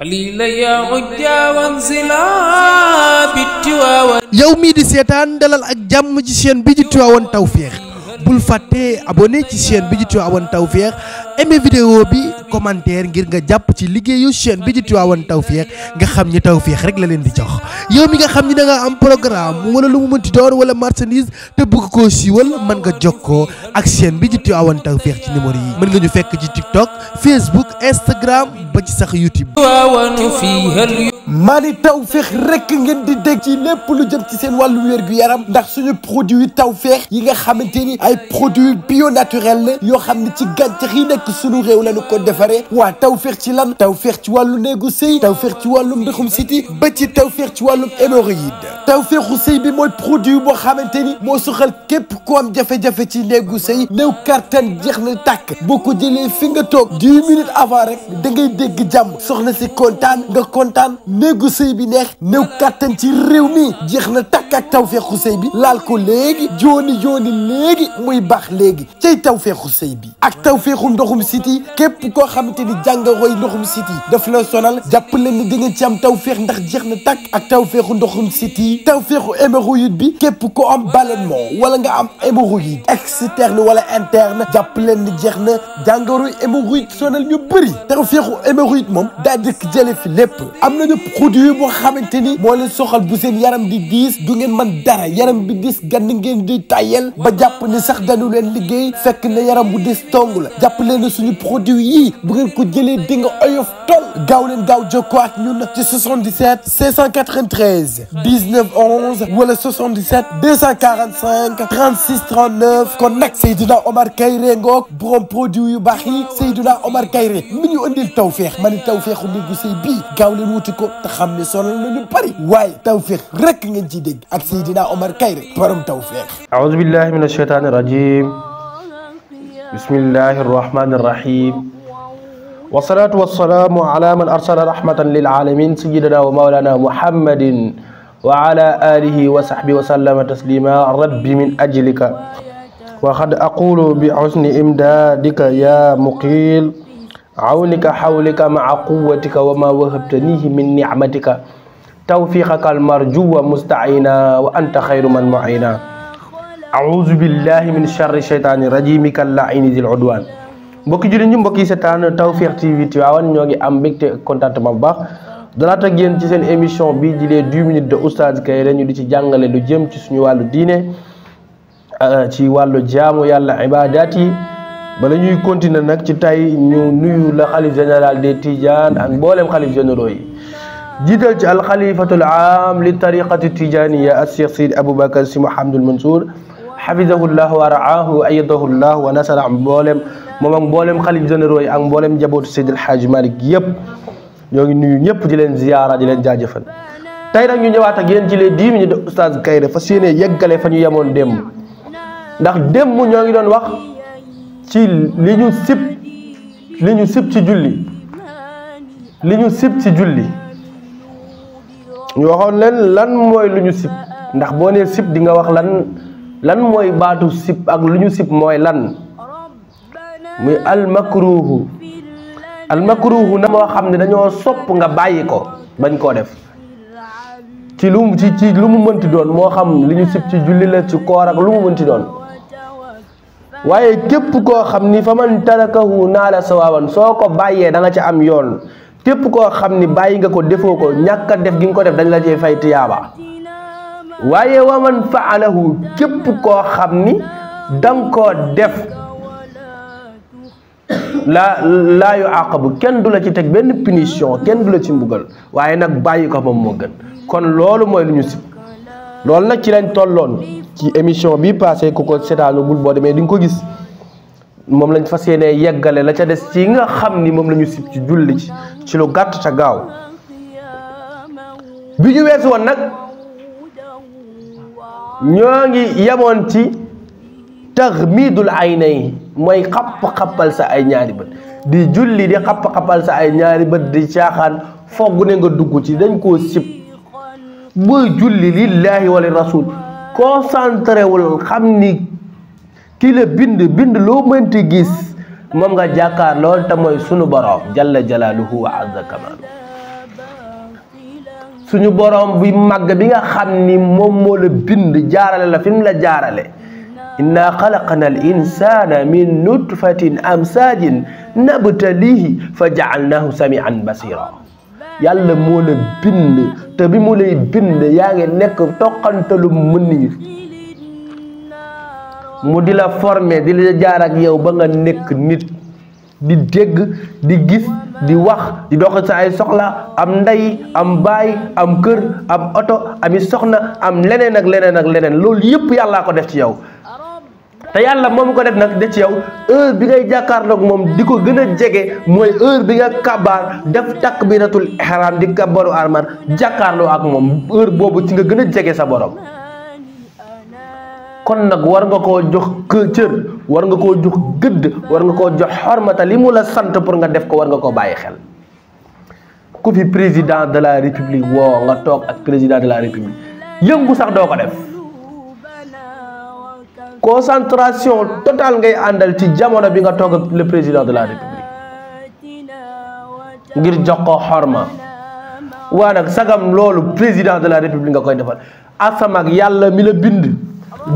yow mii di seetaan dalal ak jàmm ci chaîne bi di Tivaouane Tawfekh bul fàtte abone ci chaîne bi di Tivaouane Tawfekh aimé vidéo bi commentaire ngir nga jàpp ci liggéeyu chaîne bi di Tivaouane Tawfekh nga xam ni Tawfekh rek la leen di jox yow mi nga xam ni da nga am programme wala lu mu mënti doon wala marchandise te bëgg koo siiwal mën nga jokkoo ak chaîne bi di Tivaouane Tawfekh ci numéro yi mën nga ñu fekk ci TikTok Facebook Instagram ba ci sax YouTube maani tawféex rekk ngeen di dégg ci lépp lu jëm ci seen wàllu wérgu yaram ndax suñu produit tawféex yi nga xamante ni ay produit bio naturel la yoo xam ne ci gàncax yi nekk suñu réew lañu ko defaree waa tawféex ci lan tawféex ci wàllu néegu sëy tawféex ci wàllu mbixum siti ba ci tawféex ci wàllu hémorroïde tawféexu sëy bi mooy produit boo xamante ni moo soxal képp ku am jafe-jafe ci néegu sëy néew kattan jeex na tàkk boo ko jëlee fi nga toog dix minutes avant rek da ngay dégg jàmm soxna si kontaan nga kontaan néegu sëy bi neex néew kàttan ci réew mi jeex na takk ak tawfeexu sëy bi laal léegi jooni jooni léegi muy baax léegi cay tawfeexu sëy bi ak tawfeexu ndoxum siti képp koo xamante ni jàngoroy ndoxum siti daf la sonal jàpp leen ni di ngeen ci am tawfeex ndax jeex na takk ak tawfeexu ndoxum siti tawfeexu hémorroïde bi képp ko am ballonnement wala nga am hémorroïde externe wala interne jàpp leen ni jeex na jàngoroy hémorroïde sonal ñu bëri tawfeexu hémorroïde moom daa dëkk jële fi lépp am nañu xud yu boo xamante ni moo leen soxal bu seen yaram di diis du ngeen mën dara yaram bi diis gann ngeen di tayel ba jàpp ni sax dañu leen liggéey fekk na yaram bu diis tong la jàpp leen ne suñu produit yii bu ngeen ko jëlee di nga oyof tol gaaw leen gaaw jokkoo ak ñun ci 77 593 19 11 wala 77 245 36 39 kon nag Seydina Omar Kayre ngoog borom produit yu baax yi Seydina Omar Kayre mi ñu andil tawfeex ma ni tawfeexu néegu sëy bii gaaw leen wuti ko te xam ni sonal nañu bari waaye tawféex rek ngeen ciy dégg ak Seydina Omar Kayre borom tawféex aouzu billahi min ashaytani rajim bismillahi arrahmani arrahim والصلاة والسلام على من أرسل رحمة للعالمين سيدنا ومولانا محمد وعلى آله وصحبه وسلم تسليما رب من أجلك وقد أقول بحسن إمدادك يا مقيل عونك حولك مع قوتك وما وهبتنيه من نعمتك توفيقك المرجو مستعينا وأنت خير من معينا أعوذ بالله من شر الشيطان الرجيم كاللعين ذي العدوان mbokki jullit ñi mbokki seetaan Tawfekh TV Tivaouane ñoo ngi am mbégte contentement bu baax dalaat ak yéen ci seen émission bii di les 10 minutes de Oustaz Kairé ñu di ci jàngale lu jëm ci suñu wàllu diine ci wàllu jaamu yàlla ibaadaat yi bala ñuy continuer nag ci tey ñu nuyu la xalif général de tiijan ak mboolem xalif généraux yi jiital ci alxalifatul am li tariqati tijaniya as cheikh sidi aboubacar si mouhamadul mansour xafidahullah wa raahu ayadahullah wa am mboolem moom am mboolem xalif généraux yi ak mboolem njabootu seydil xaaji malik yëpp ñoo ngi nuyu ñëpp di leen ziyaara di leen jaajëfal tey nag ñu ñëwaat ak yéen ci les dix minutes de oustaz Kairé fas yéene yeggale fa ñu yemoon démb ndax démb ci sip, sip sip sip sip ci julli liñu sip ci julli ñu waxon len lan moy luñu sip ndax bo ne sip di nga wax lan lan moy baatu sip ak sip sip moy lan muy al makruh na mo xamne dañu dañoo sopp nga bayiko bañ ko def ci lu ci lu mu mënti doon mo xam liñu sip ci julli la ci koor ak lu mu doon waaye képp koo xam ni fa man tarakahu naa la sawaaban soo ko bàyyee da nga ci am yoon képp koo xam ni bàyyi nga ko defoo ko ñàkk def gi nga ko def dañ la cee fay tiyaaba waaye wa man faalahu képp koo xam ni danga ko def laa laa yu àqabu kenn du la ci teg benn punition kenn du la ci mbugal waaye nag bàyyi ko moom moo gën kon loolu mooy lu ñu sib loolu nag ci lañ tolloon ci émission bi passé ku ko seetaanagul boo demee di ko gis moom lañ fa yéenee yeggale la ca des ci nga xam ni moom lañu ñu sib ci julli ci ci lu gàtt ca gaaw bi ñu weesu woon nag ñoo ngi yemoon ci taxmiidul aynay mooy xapp-xappal sa ay ñaari bët di julli di xapp-xappal sa ay ñaari bët di saaxaan foog ne nga dugg ci dañ koo sib booy julli lillahi wa li concentré wul xam ni ki bind bind loo mënti gis moom nga jàkkaar lool te mooy sunu boroom jalla jalaaluhu wa azza kamaalu suñu boroom bi màgg bi nga xam ni moom moo la bind jaarale la fi la jaarale inna xalaqna al insana min nutfatin amsaajin nabtalihi fa jaalnahu samian basira yàlla moo la bind te bi mu lay bind yaa ngi nekk toqantalu mën yi mu di la forme di la jaar ak yow ba nga nekk nit di dégg di gis di wax di dox sa ay soxla am ndey am baay am kër am oto ami soxna am leneen ak leneen ak leneen loolu yëpp yàllaa ko def ci yow te yalla mom ko def nak de ci yow heure bi ngay jakarlo ak mom diko gëna a moy heure bi nga kabar def takbiratul ihram di kabaru armar jakarlo ak mom heure bobu ci nga gëna a sa borom kon nak war nga ko jox cër war nga ko jox gëdd war nga ko jox hormata limu la sante pour nga def ko war nga ko bayyi xel ku fi président de la république wo nga tok ak président de la république yëngu sax do ko def concentration totale ngay àndal ci jamono bi nga toog ak le président de la république ngir jox ko xorma waa nag sagam loolu président de la république nga koy defal asama ak yàlla mi la bind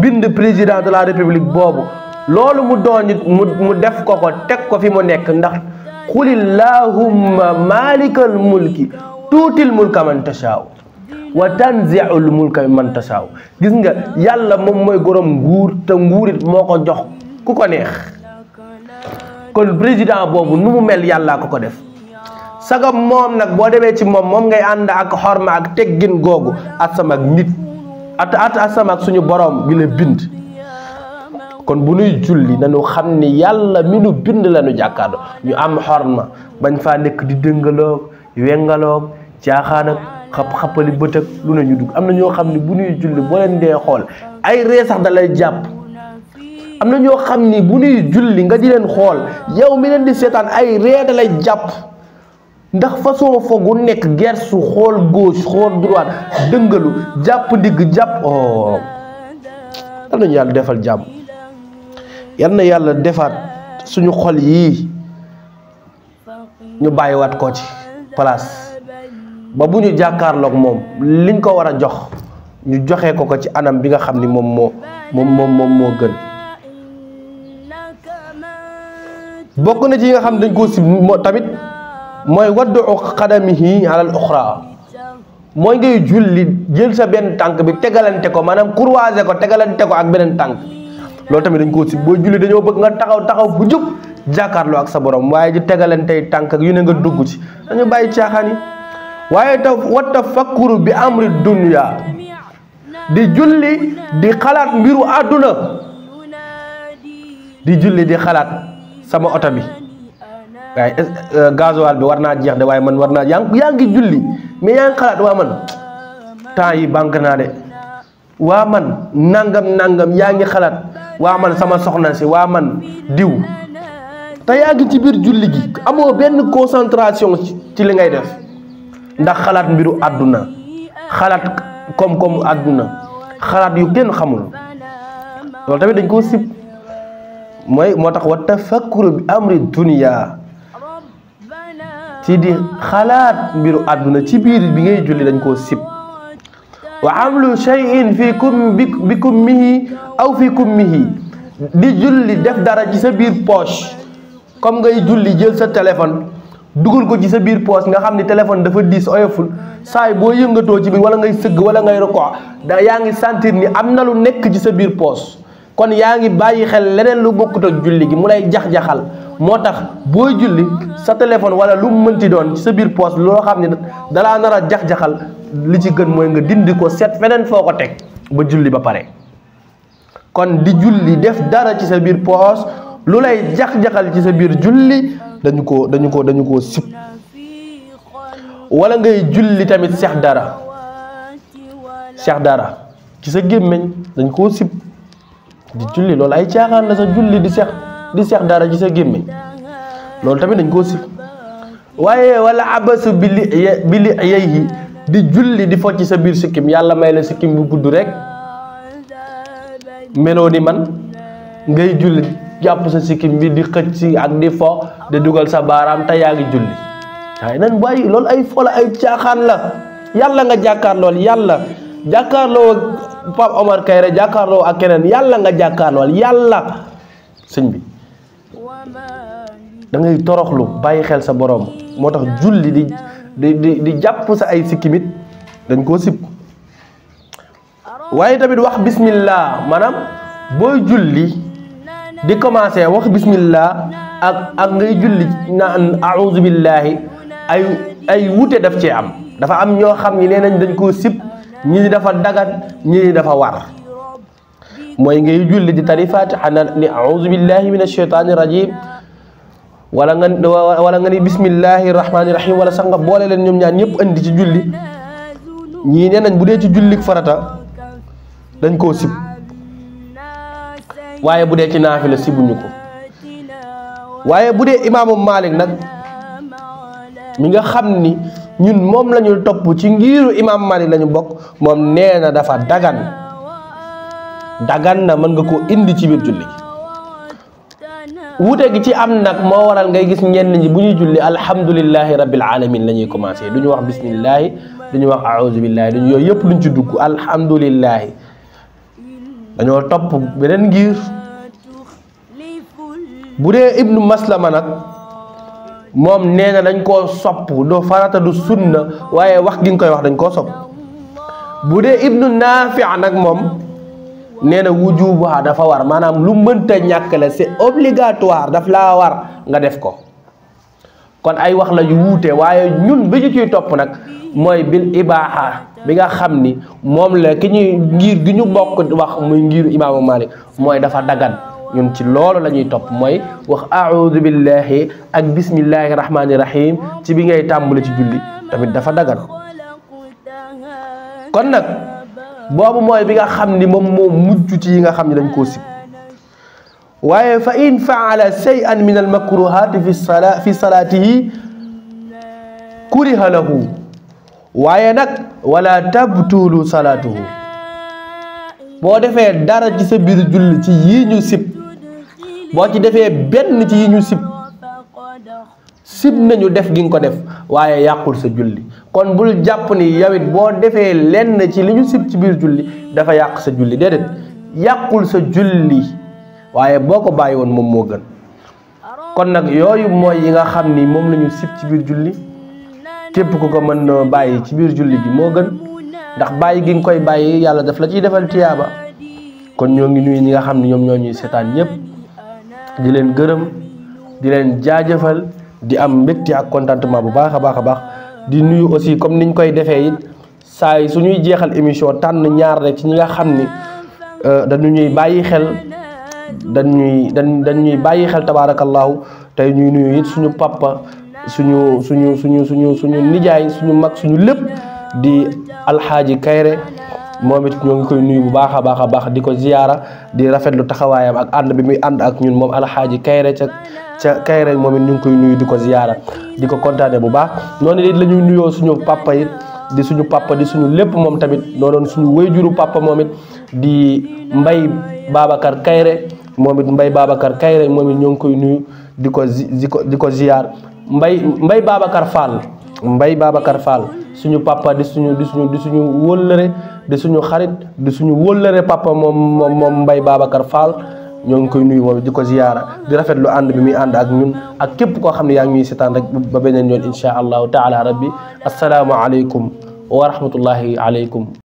bind président de la république boobu loolu mu doon mu mu def ko ko teg ko fi mu nekk ndax xulillahumma malikal mulki tuutil mulka man tashaaw wa tanziul mulka man tasaaw gis nga yàlla moom mooy goroom nguur te nguurit moo ko jox ku ko neex kon président boobu nu mu mel yàllaa ku ko def sagam moom nag boo demee ci moom moom ngay ànd ak xorma ak teggin googu asama ak nit at asama ak suñu boroom bi la bind kon bu nuy julli nañu xam ni yàlla mi nu bind la ñu jàkkaarloo ñu am xorma bañ faa nekk di dëngaloog wengaloog caaxaan xap xapali bët ak lu ne ñu dugg am na ñoo xam ne bu ñuy julli boo leen dee xool ay ree sax da jàpp am na ñoo xam ni bu ñuy julli nga di leen xool yow mi leen di seetaan ay ree da jàpp ndax façon foogu nekk gersu xool gauche xool droite dëngalu jàpp digg jàpp oh yal nañu yàlla defal jàmm yal na yàlla defaat suñu xol yii ñu bàyyiwaat ko ci place ba buñu jakarlok mom liñ ko wara jox ñu joxé ko ko ci anam bi nga xamni momo mo mom mom mom mo gën bokku na ci nga xam dañ ko sib tamit mooy waddu 'ala al-ukhra moy ngay julli jël sa ben tank bi tégalanté ko manam croiser ko tégalanté ko ak benen tank lo tamit dañ ko sib bo julli dañu bëgg nga taxaw taxaw bu jub jakarlo ak sa borom waye di tégalanté tank ak yu ne nga dugg ci dañu bayyi waaye ta wa bi amri dunya di julli di xalaat mbiru àdduna di julli di xalaat sama oto bi waaye eh, eh, bi war naa jeex de waaye man war naa yaa ngi julli mais yaa ngi xalaat waa man temps yi banque naa de waa man nangam nangam yaa ngi xalaat waa man sama soxna si waa man diw te yaa ngi ci biir julli gi amoo benn concentration ci li ngay def ndax xalaat mbiru àdduna xalaat koom-koomu àdduna xalaat yu kenn xamul loolu tamit dañ koo sib mooy moo tax wa tafakkuru bi amri dunia ci di xalaat mbiru àdduna ci biir bi ngay julli dañ koo sib wa amlu shay'in fii kum bi kummihi aw fii kummihi di julli def dara ji sa biir poche comme ngay julli jël sa téléphone dugul ko ci sa bir poos nga xamni ni téléphone dafa dis oyoful say bo yëngatoo ci bi wala ngay seug wala ngay roko da yaangi sentir ni amna lu nekk ci sa bir poos kon yaangi bayyi xel leneen lu bokku tok julli gi mulay jax-jaxal motax bo julli sa téléphone wala lu mënti doon ci sa bir poos lo xamni da la nara jax-jaxal li ci gën moy nga dindi ko set fenen foko tek ba julli ba pare kon di julli def dara ci sa bir poos lu lay jax-jaxal ci sa bir julli dañu ko dañu ko dañu ko sip wala ngay julli tamit cheikh dara siak dara ci sa gemmeñ dañ sip. sip di julli lol ay tiaxan la sa julli di cheikh di siak dara ci sa gemmeñ lol tamit dañ ko sip waye wala abas bil bil bi di julli di focc sa bir sikim yalla may la sikim bu gudd rek meloo ni man ngay julli japp sa sikim bi di xecc ak di fo de dugal sa baram ta yaa julli waaye nan bayyi lol ay fola ay tiaxan la yalla nga lol yalla jakar lo pap Omar Kayre lo ak kenen Yalla nga jakar lol yalla señ bi da ngay toroxlu bayyi xel sa borom motax julli di di di japp sa ay sikimit dañ ko sip waye tamit wax bismillah manam boy julli di commencé wax bismillah ak ak ngay julli naan a'udhu billahi ay ay wuté daf ci am dafa am ño xamni nenañ dañ ko sip ñi dafa dagat ñi dafa war moy ngay julli di tari fatiha na ni a'udhu billahi minash shaitanir rajim wala nga wala nga ni bismillahi rahmani rahim wala sanga boole len ñom ñaan ñëpp andi ci julli ñi nenañ budé ci julli farata dañ kusip sip waye budé ci naafila sibuñu ko waye budé imam Malik nak mi nga xamni ñun mom lañu top ci ngiru imam Malik lañu bok mom dafa dagan dagan na man nga ko indi ci bir julli wuté gi ci am nak mo waral ngay gis ñen ñi buñu julli alhamdulillahi rabbil alamin lañuy commencé duñu wax bismillah duñu wax a'udhu billahi duñu yoy yep luñ ci dugg alhamdulillahi dañoo topp beneen ngir bu dee ibnu maslama nag moom nee na dañ koo sopp doo farata du na waaye wax gi nga koy wax dañ koo sopp bu dee ibnu naafi'a ak moom nee na wujubu dafa war maanaam lu mënta ñàkk la c'est obligatoire daf laa war nga def ko kon ay wax la yu wuute waaye ñun bi ñu ciy topp nag mooy bil ibaaha bi nga xam ni moom la ki ñuy ngir gi ñu bokk wax muy ngiru imaamu Malik mooy dafa dagan ñun ci loolu la ñuy topp mooy wax aoudu billahi ak bismillahi rahmaani rahim ci bi ngay tàmbali ci julli tamit dafa dagan kon nag boobu mooy bi nga xam ni moom mujj ci yi nga xam ni dañ ko sib waaye fa in faala shay'an min almakruhati fi sala fi salaatihi kuriha lahu waaye nag wala tabtulu salaatuhu boo defee dara ci sa biir julli ci yii ñu sib boo ci defee benn ci yii ñu sib sib nañu def gi nga ko def waaye yàqul sa julli kon bul jàpp ni yawit boo defee lenn ci li ñu sib ci biir julli dafa yàq sa julli déedéet yàqul sa julli waaye boo ko bàyyi woon moom moo gën kon nag yooyu mooy yi nga xam ni moom lañu ñu ci biir julli képp ku ko mën na bàyyi ci biir julli bi moo gën ndax bàyyi gi nga koy bàyyi yàlla daf la ciy defal tiyaaba kon ñoo ngi nuyu ñi nga xam ne ñoom ñoo ñuy seetaan ñëpp di leen gërëm di leen jaajëfal di am mbégte ak contentement bu baax a baax a baax di nuyu aussi comme niñ koy defee it saa yi suñuy jeexal émission tànn ñaar rek ci ñi nga xam ni euh, dañu ñuy bàyyi xel dañ ñuy dañ dañ ñuy bàyyi xel tabaarakallaahu tey ñuy nuyu it suñu papa suñu suñu suñu suñu suñu nijaay suñu mag suñu lépp di alxaaji kayre moom it ñoo ngi koy nuyu bu baax a baax a baax di ko ziyaara di rafetlu taxawaayam ak ànd bi muy ànd ak ñun moom alxaaji kayre ca ca kayre moom it ñu ngi koy nuyu di ko ziyaara di ko kontaane bu baax noonu it la ñuy nuyoo suñu papa it di suñu papa di suñu lépp moom tamit noonu suñu wéyjuru papa moom it di mbay Babacar Kayre moom it Mbaye Babacar Kayre moom it ñoo ngi koy nuyu di ko di ko di ko ziar Mbaye Mbaye Babacar Fall Mbaye Babacar suñu papa di suñu di suñu di suñu wóllëre suñu xarit di suñu wóllëre papa moom moom moom Mbaye Babacar Fall ñoo ngi koy nuyu moom di ko ziyaara di rafetlu ànd bi muy ànd ak ñun ak képp koo xam ne yaa ngi ñuy seetaan rek ba beneen yoon insha allahu taala rabbi assalaamu aleykum wa rahmatullahi aleykum